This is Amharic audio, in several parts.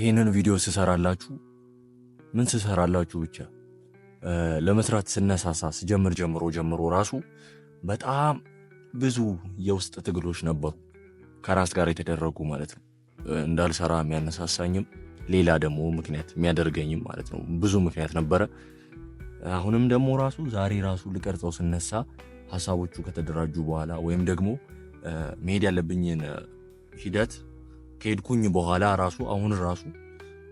ይህንን ቪዲዮ ስሰራላችሁ ምን ስሰራላችሁ ብቻ ለመስራት ስነሳሳ ስጀምር ጀምሮ ጀምሮ ራሱ በጣም ብዙ የውስጥ ትግሎች ነበሩ ከራስ ጋር የተደረጉ ማለት ነው። እንዳልሰራ የሚያነሳሳኝም ሌላ ደግሞ ምክንያት የሚያደርገኝም ማለት ነው። ብዙ ምክንያት ነበረ። አሁንም ደግሞ ራሱ ዛሬ ራሱ ልቀርጸው ስነሳ ሀሳቦቹ ከተደራጁ በኋላ ወይም ደግሞ መሄድ ያለብኝን ሂደት ከሄድኩኝ በኋላ ራሱ አሁን ራሱ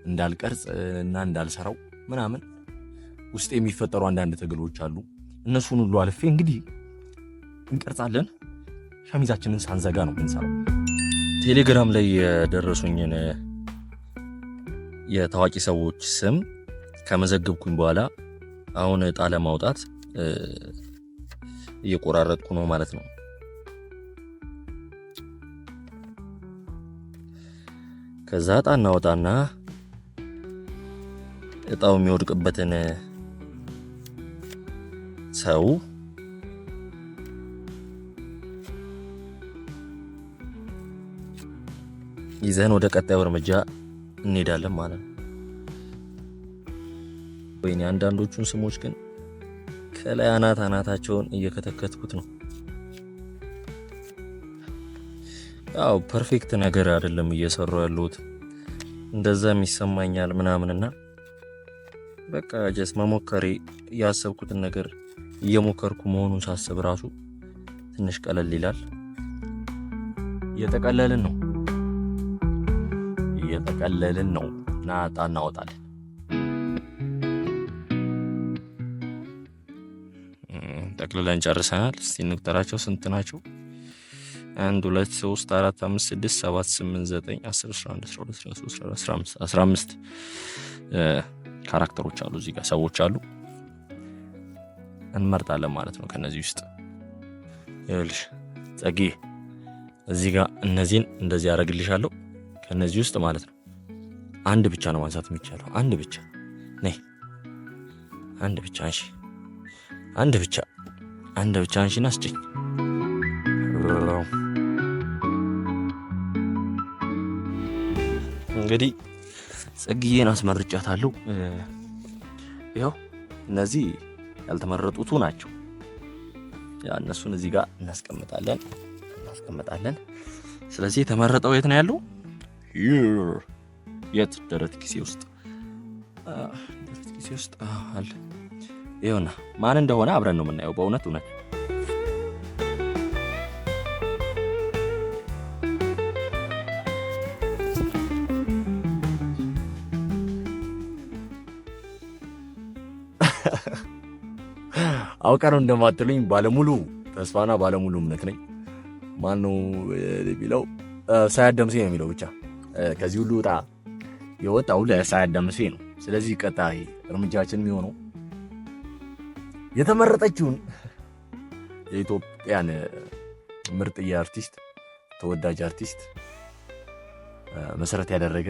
እንዳልቀርጽ እና እንዳልሰራው ምናምን ውስጥ የሚፈጠሩ አንዳንድ ትግሎች አሉ። እነሱን ሁሉ አልፌ እንግዲህ እንቀርጻለን። ሸሚዛችንን ሳንዘጋ ነው የምንሰራው። ቴሌግራም ላይ የደረሱኝን የታዋቂ ሰዎች ስም ከመዘገብኩኝ በኋላ አሁን እጣ ለማውጣት እየቆራረጥኩ ነው ማለት ነው። ከዛ እጣን እናወጣና እጣው የሚወድቅበትን ሰው ይዘን ወደ ቀጣዩ እርምጃ እንሄዳለን ማለት ነው። ወይኔ አንዳንዶቹን ስሞች ግን ከላይ አናት አናታቸውን እየከተከትኩት ነው። ያው ፐርፌክት ነገር አይደለም እየሰሩ ያሉት እንደዛም ይሰማኛል ምናምንና በቃ ጀስ መሞከሬ ያሰብኩትን ነገር እየሞከርኩ መሆኑን ሳስብ ራሱ ትንሽ ቀለል ይላል። እየጠቀለልን ነው እየጠቀለልን ነው። ናጣ እናወጣለን። ጠቅልለን ጨርሰናል። እስቲ እንቁጠራቸው ስንት ናቸው? አንድ ሁለት ሶስት አራት አምስት ስድስት ሰባት ስምንት ዘጠኝ አስር አስራ አንድ አስራ ሁለት አስራ ሶስት አስራ አምስት አስራ አምስት ካራክተሮች አሉ እዚህ ጋር ሰዎች አሉ እንመርጣለን ማለት ነው። ከነዚህ ውስጥ ይኸውልሽ ጸጌ እዚህ ጋር እነዚህን እንደዚህ ያደረግልሻለሁ ከነዚህ ውስጥ ማለት ነው። አንድ ብቻ ነው ማንሳት የሚቻለው አንድ ብቻ ነይ፣ አንድ ብቻ አንሺ፣ አንድ ብቻ አንድ ብቻ አንሺና ስጭኝ። እንግዲህ ጽግዬን አስመርጫታለሁ። ይኸው እነዚህ ያልተመረጡቱ ናቸው። እነሱን እዚህ ጋር እናስቀምጣለን እናስቀምጣለን። ስለዚህ የተመረጠው የት ነው ያለው? የት ደረት ጊዜ ውስጥ ደረት ጊዜ ውስጥ አለ። ይኸውና ማን እንደሆነ አብረን ነው የምናየው። በእውነት እውነት አውቀ ነው እንደማትሉኝ ባለሙሉ ተስፋና ባለሙሉ እምነት ነኝ። ነው የሚለው ሳያት ደምሴ ነው የሚለው ብቻ ከዚህ ሁሉ እጣ የወጣው ለሳያት ደምሴ ነው። ስለዚህ ቀጣይ እርምጃችን የሚሆነው የተመረጠችውን የኢትዮጵያን ምርጥዬ አርቲስት ተወዳጅ አርቲስት መሰረት ያደረገ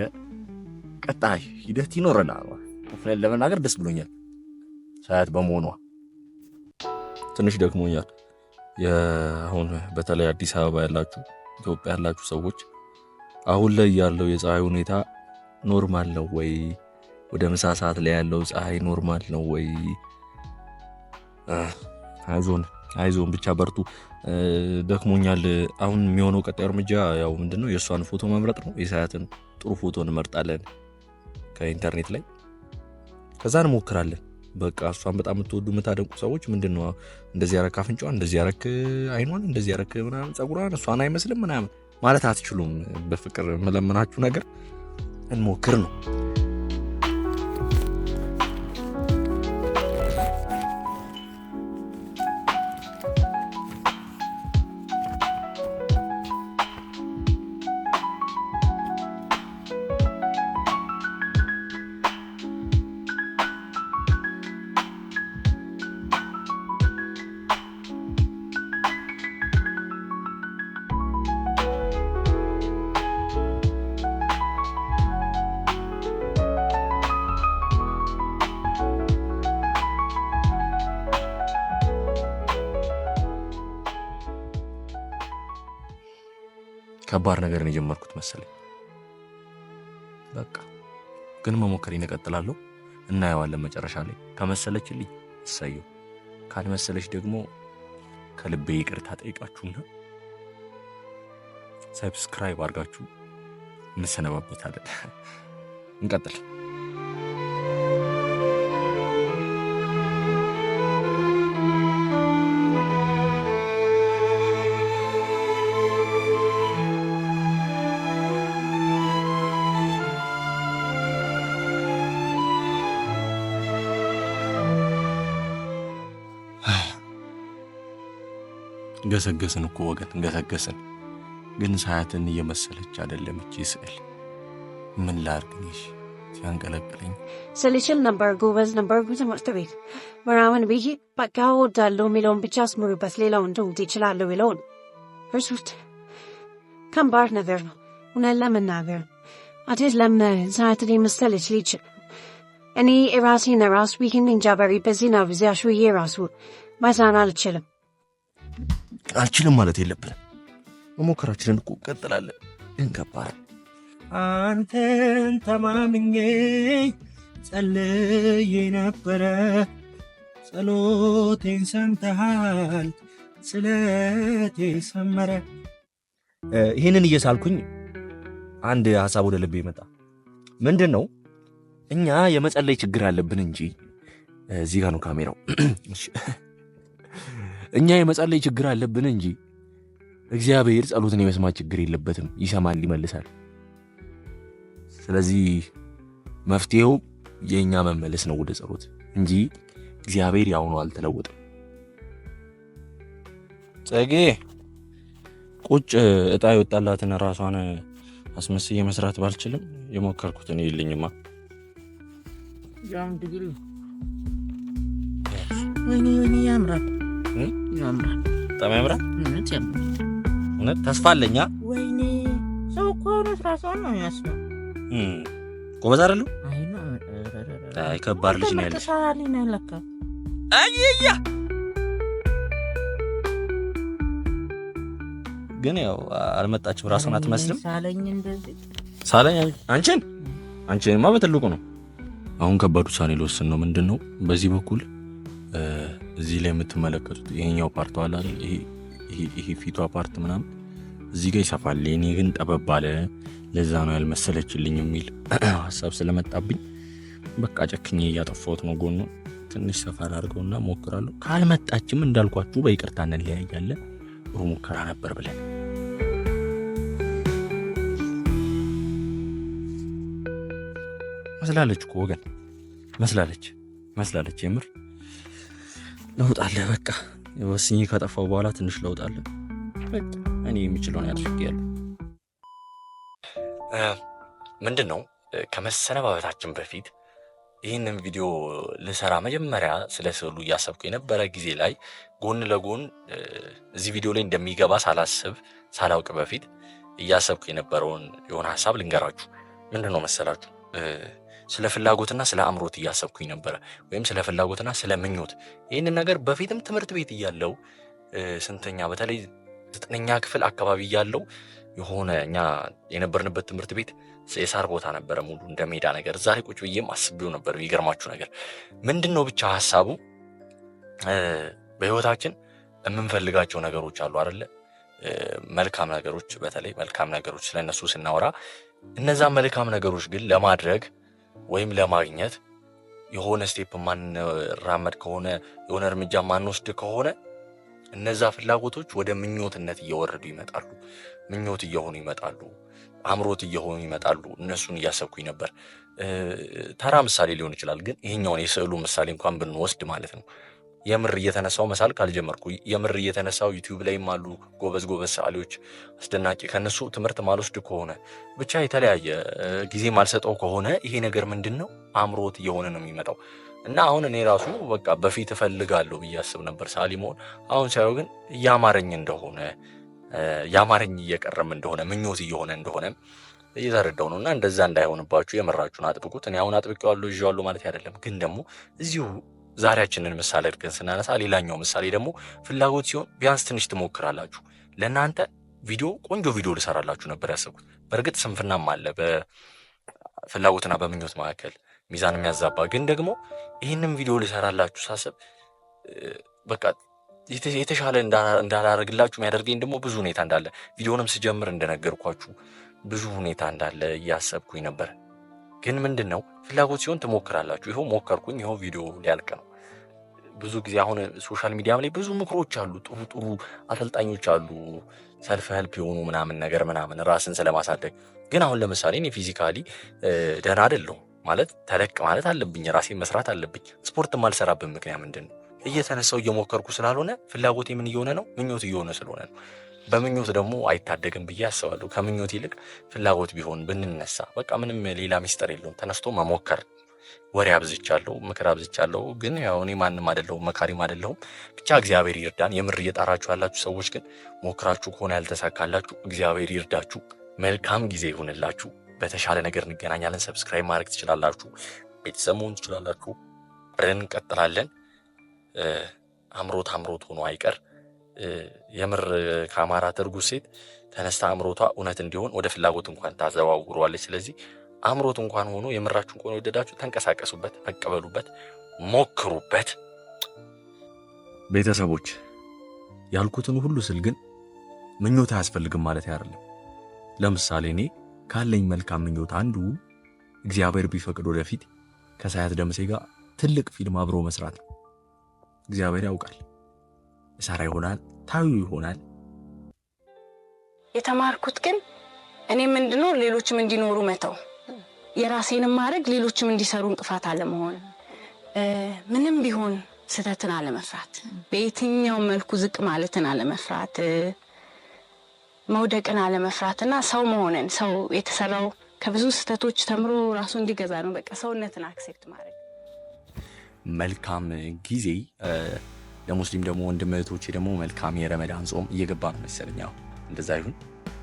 ቀጣይ ሂደት ይኖረናል። ለመናገር ደስ ብሎኛል። ሳያት በመሆኗ ትንሽ ደክሞኛል። አሁን በተለይ አዲስ አበባ ያላችሁ ኢትዮጵያ ያላችሁ ሰዎች አሁን ላይ ያለው የፀሐይ ሁኔታ ኖርማል ነው ወይ? ወደ ምሳ ሰዓት ላይ ያለው ፀሐይ ኖርማል ነው ወይ? አይዞን አይዞን ብቻ በርቱ። ደክሞኛል። አሁን የሚሆነው ቀጣይ እርምጃ ያው ምንድነው የእሷን ፎቶ መምረጥ ነው። የሳያትን ጥሩ ፎቶ እንመርጣለን ከኢንተርኔት ላይ ከዛ እንሞክራለን። በቃ እሷን በጣም የምትወዱ የምታደንቁ ሰዎች ምንድን ነው እንደዚህ ያረክ አፍንጫዋን፣ እንደዚህ ያረክ አይኗን፣ እንደዚህ ያረክ ምናምን ጸጉሯን፣ እሷን አይመስልም ምናምን ማለት አትችሉም። በፍቅር የምለምናችሁ ነገር እንሞክር ነው። ከባድ ነገር ነው የጀመርኩት መሰለኝ። በቃ ግን መሞከር እቀጥላለሁ። እናየዋለን መጨረሻ ላይ ከመሰለችልኝ እሰየው፣ ካልመሰለች ደግሞ ከልቤ ይቅርታ ጠይቃችሁና ሰብስክራይብ አድርጋችሁ እንሰነባበታለን። እንቀጥል። ገሰገስን እኮ ወገን ገሰገስን። ግን ሰዓትን እየመሰለች አይደለም እቺ ስዕል። ምን ላርግሽ ሲያንቀለቅለኝ ስልሽል ነበር። ጎበዝ ነበር ትምህርት ቤት ምናምን ብዬ በቃ እወዳለሁ የሚለውን ብቻ አስምሩበት፣ ሌላውን ድውት ይችላለሁ የሚለውን እርሱት። ከባድ ነገር ነው እውነት ለመናገር አቴት ለምን ሰዓትን የመሰለች ልጅ እኔ የራሴን ራሱ ይህን እንጃበሪ በሪ በዚህ ና ብዚያሹ ዬ ራሱ ማዛን አልችልም። Thank you. አልችልም ማለት የለብንም። መሞከራችንን እኮ ቀጥላለን። እንገባል አንተን ተማምኜ ጸልዬ ነበረ። ጸሎቴን ሰምተሃል፣ ስለቴ ሰመረ። ይህንን እየሳልኩኝ አንድ ሀሳብ ወደ ልቤ ይመጣ። ምንድን ነው እኛ የመጸለይ ችግር አለብን እንጂ እዚህ ጋር ነው ካሜራው። እኛ የመጸለይ ችግር አለብን እንጂ እግዚአብሔር ጸሎትን የመስማት ችግር የለበትም። ይሰማል፣ ይመልሳል። ስለዚህ መፍትሄው የእኛ መመለስ ነው ወደ ጸሎት እንጂ እግዚአብሔር ያው ነው፣ አልተለወጠም። ጸጌ ቁጭ እጣ የወጣላትን ራሷን አስመስዬ መስራት ባልችልም የሞከርኩትን ይልኝማ ያም ያምራል ያምራል፣ በጣም ያምራል። እውነት ያምራል። እውነት ተስፋ አለኛ። ወይኔ ሰው እኮ አስራ ሰውን ነው የሚያስበው። ጎበዝ አይደለም። አይ ከባድ ልጅ ነው ያለሽ። አይያ ግን ያው አልመጣችም። ራሷን አትመስልም። ሳለኝ አንቺን አንቺንማ በትልቁ ነው። አሁን ከባዱ ውሳኔ ልወስን ነው። ምንድን ነው በዚህ በኩል እዚህ ላይ የምትመለከቱት ይሄኛው ፓርት ዋላ ይሄ ፊቷ ፓርት ምናምን እዚህ ጋር ይሰፋል። እኔ ግን ጠበብ አለ። ለዛ ነው ያልመሰለችልኝ የሚል ሀሳብ ስለመጣብኝ በቃ ጨክኝ እያጠፋሁት ነው። ጎኑ ትንሽ ሰፋር አድርገውና ሞክራለሁ። ካልመጣችም እንዳልኳችሁ በይቅርታ እንለያያለን። ጥሩ ሙከራ ነበር ብለን መስላለች እኮ ወገን መስላለች መስላለች የምር ለውጥ አለ። በቃ ወስኝ ከጠፋው በኋላ ትንሽ ለውጥ እኔ የሚችለውን ያድርጌያለሁ። ምንድን ነው ከመሰነባበታችን በፊት ይህንን ቪዲዮ ልሰራ መጀመሪያ ስለ ስዕሉ እያሰብኩ የነበረ ጊዜ ላይ ጎን ለጎን እዚህ ቪዲዮ ላይ እንደሚገባ ሳላስብ ሳላውቅ በፊት እያሰብኩ የነበረውን የሆነ ሀሳብ ልንገራችሁ። ምንድን ነው መሰላችሁ ስለ ፍላጎትና ስለ አምሮት እያሰብኩኝ ነበረ፣ ወይም ስለ ፍላጎትና ስለ ምኞት። ይህንን ነገር በፊትም ትምህርት ቤት እያለው ስንተኛ፣ በተለይ ዘጠነኛ ክፍል አካባቢ እያለው የሆነ እኛ የነበርንበት ትምህርት ቤት የሳር ቦታ ነበረ፣ ሙሉ እንደ ሜዳ ነገር። እዛ ላይ ቁጭ ብዬም አስቤው ነበር። የሚገርማችሁ ነገር ምንድን ነው ብቻ ሀሳቡ በህይወታችን የምንፈልጋቸው ነገሮች አሉ አይደለ? መልካም ነገሮች፣ በተለይ መልካም ነገሮች ስለነሱ ስናወራ እነዛ መልካም ነገሮች ግን ለማድረግ ወይም ለማግኘት የሆነ ስቴፕ ማንራመድ ከሆነ የሆነ እርምጃ ማንወስድ ከሆነ እነዛ ፍላጎቶች ወደ ምኞትነት እየወረዱ ይመጣሉ። ምኞት እየሆኑ ይመጣሉ። አምሮት እየሆኑ ይመጣሉ። እነሱን እያሰብኩኝ ነበር። ተራ ምሳሌ ሊሆን ይችላል፣ ግን ይሄኛውን የስዕሉ ምሳሌ እንኳን ብንወስድ ማለት ነው የምር እየተነሳው መሳል ካልጀመርኩ የምር እየተነሳው ዩቲዩብ ላይም አሉ ጎበዝ ጎበዝ ሰዓሊዎች አስደናቂ። ከነሱ ትምህርት ማልወስድ ከሆነ ብቻ የተለያየ ጊዜ ማልሰጠው ከሆነ ይሄ ነገር ምንድን ነው አምሮት እየሆነ ነው የሚመጣው። እና አሁን እኔ ራሱ በቃ በፊት እፈልጋለሁ ብዬ አስብ ነበር ሰዓሊ መሆን። አሁን ሳየው ግን እያማረኝ እንደሆነ ያማረኝ እየቀረም እንደሆነ ምኞት እየሆነ እንደሆነ እየተረዳው ነው። እና እንደዛ እንዳይሆንባችሁ የምራችሁን አጥብቁት። እኔ አሁን አጥብቄዋለሁ ይዤዋለሁ ማለት አይደለም፣ ግን ደግሞ እዚሁ ዛሬያችንን ምሳሌ አድርገን ስናነሳ ሌላኛው ምሳሌ ደግሞ ፍላጎት ሲሆን ቢያንስ ትንሽ ትሞክራላችሁ። ለእናንተ ቪዲዮ ቆንጆ ቪዲዮ ልሰራላችሁ ነበር ያሰብኩት። በእርግጥ ስንፍናም አለ በፍላጎትና በምኞት መካከል ሚዛን የሚያዛባ ግን ደግሞ ይህንም ቪዲዮ ልሰራላችሁ ሳስብ በቃ የተሻለ እንዳላደርግላችሁ የሚያደርገኝ ደግሞ ብዙ ሁኔታ እንዳለ ቪዲዮንም ስጀምር እንደነገርኳችሁ ብዙ ሁኔታ እንዳለ እያሰብኩኝ ነበር። ግን ምንድን ነው ፍላጎት ሲሆን ትሞክራላችሁ። ይኸው ሞከርኩኝ፣ ይኸው ቪዲዮ ሊያልቅ ነው። ብዙ ጊዜ አሁን ሶሻል ሚዲያም ላይ ብዙ ምክሮች አሉ። ጥሩ ጥሩ አሰልጣኞች አሉ፣ ሰልፍ ሄልፕ የሆኑ ምናምን ነገር ምናምን ራስን ስለማሳደግ። ግን አሁን ለምሳሌ እኔ ፊዚካሊ ደህና አይደለሁም ማለት ተለቅ ማለት አለብኝ፣ ራሴ መስራት አለብኝ። ስፖርት ማልሰራብን ምክንያት ምንድን ነው? እየተነሳው እየሞከርኩ ስላልሆነ ፍላጎቴ ምን እየሆነ ነው? ምኞት እየሆነ ስለሆነ ነው። በምኞት ደግሞ አይታደግም ብዬ አስባለሁ። ከምኞት ይልቅ ፍላጎት ቢሆን ብንነሳ፣ በቃ ምንም ሌላ ሚስጥር የለውም። ተነስቶ መሞከር ወሬ አብዝቻለሁ፣ ምክር አብዝቻለሁ። ግን ያው እኔ ማንም አይደለሁም መካሪም አይደለሁም። ብቻ እግዚአብሔር ይርዳን። የምር እየጣራችሁ ያላችሁ ሰዎች ግን ሞክራችሁ ከሆነ ያልተሳካላችሁ እግዚአብሔር ይርዳችሁ። መልካም ጊዜ ይሁንላችሁ። በተሻለ ነገር እንገናኛለን። ሰብስክራይብ ማድረግ ትችላላችሁ፣ ቤተሰብ መሆን ትችላላችሁ። አብረን እንቀጥላለን። አምሮት አምሮት ሆኖ አይቀር የምር ከአማራ ትርጉ ሴት ተነስታ አእምሮቷ እውነት እንዲሆን ወደ ፍላጎት እንኳን ታዘዋውረዋለች። ስለዚህ አእምሮት እንኳን ሆኖ የምራችሁን እንኳን ወደዳችሁ ተንቀሳቀሱበት፣ ተቀበሉበት፣ ሞክሩበት። ቤተሰቦች ያልኩትን ሁሉ ስል ግን ምኞት አያስፈልግም ማለት አይደለም። ለምሳሌ እኔ ካለኝ መልካም ምኞት አንዱ እግዚአብሔር ቢፈቅድ ወደፊት ከሳያት ደምሴ ጋር ትልቅ ፊልም አብሮ መስራት ነው። እግዚአብሔር ያውቃል፣ እሰራ ይሆናል፣ ታዩ ይሆናል። የተማርኩት ግን እኔ እንድኖር ሌሎችም እንዲኖሩ መተው የራሴንም ማድረግ ሌሎችም እንዲሰሩ እንቅፋት አለመሆን፣ ምንም ቢሆን ስህተትን አለመፍራት፣ በየትኛው መልኩ ዝቅ ማለትን አለመፍራት፣ መውደቅን አለመፍራት እና ሰው መሆንን ሰው የተሰራው ከብዙ ስህተቶች ተምሮ ራሱ እንዲገዛ ነው። በቃ ሰውነትን አክሴፕት ማድረግ። መልካም ጊዜ ለሙስሊም ደግሞ ወንድም እህቶቼ ደግሞ መልካም የረመዳን ጾም እየገባ ነው መሰለኝ። እንደዛ ይሁን።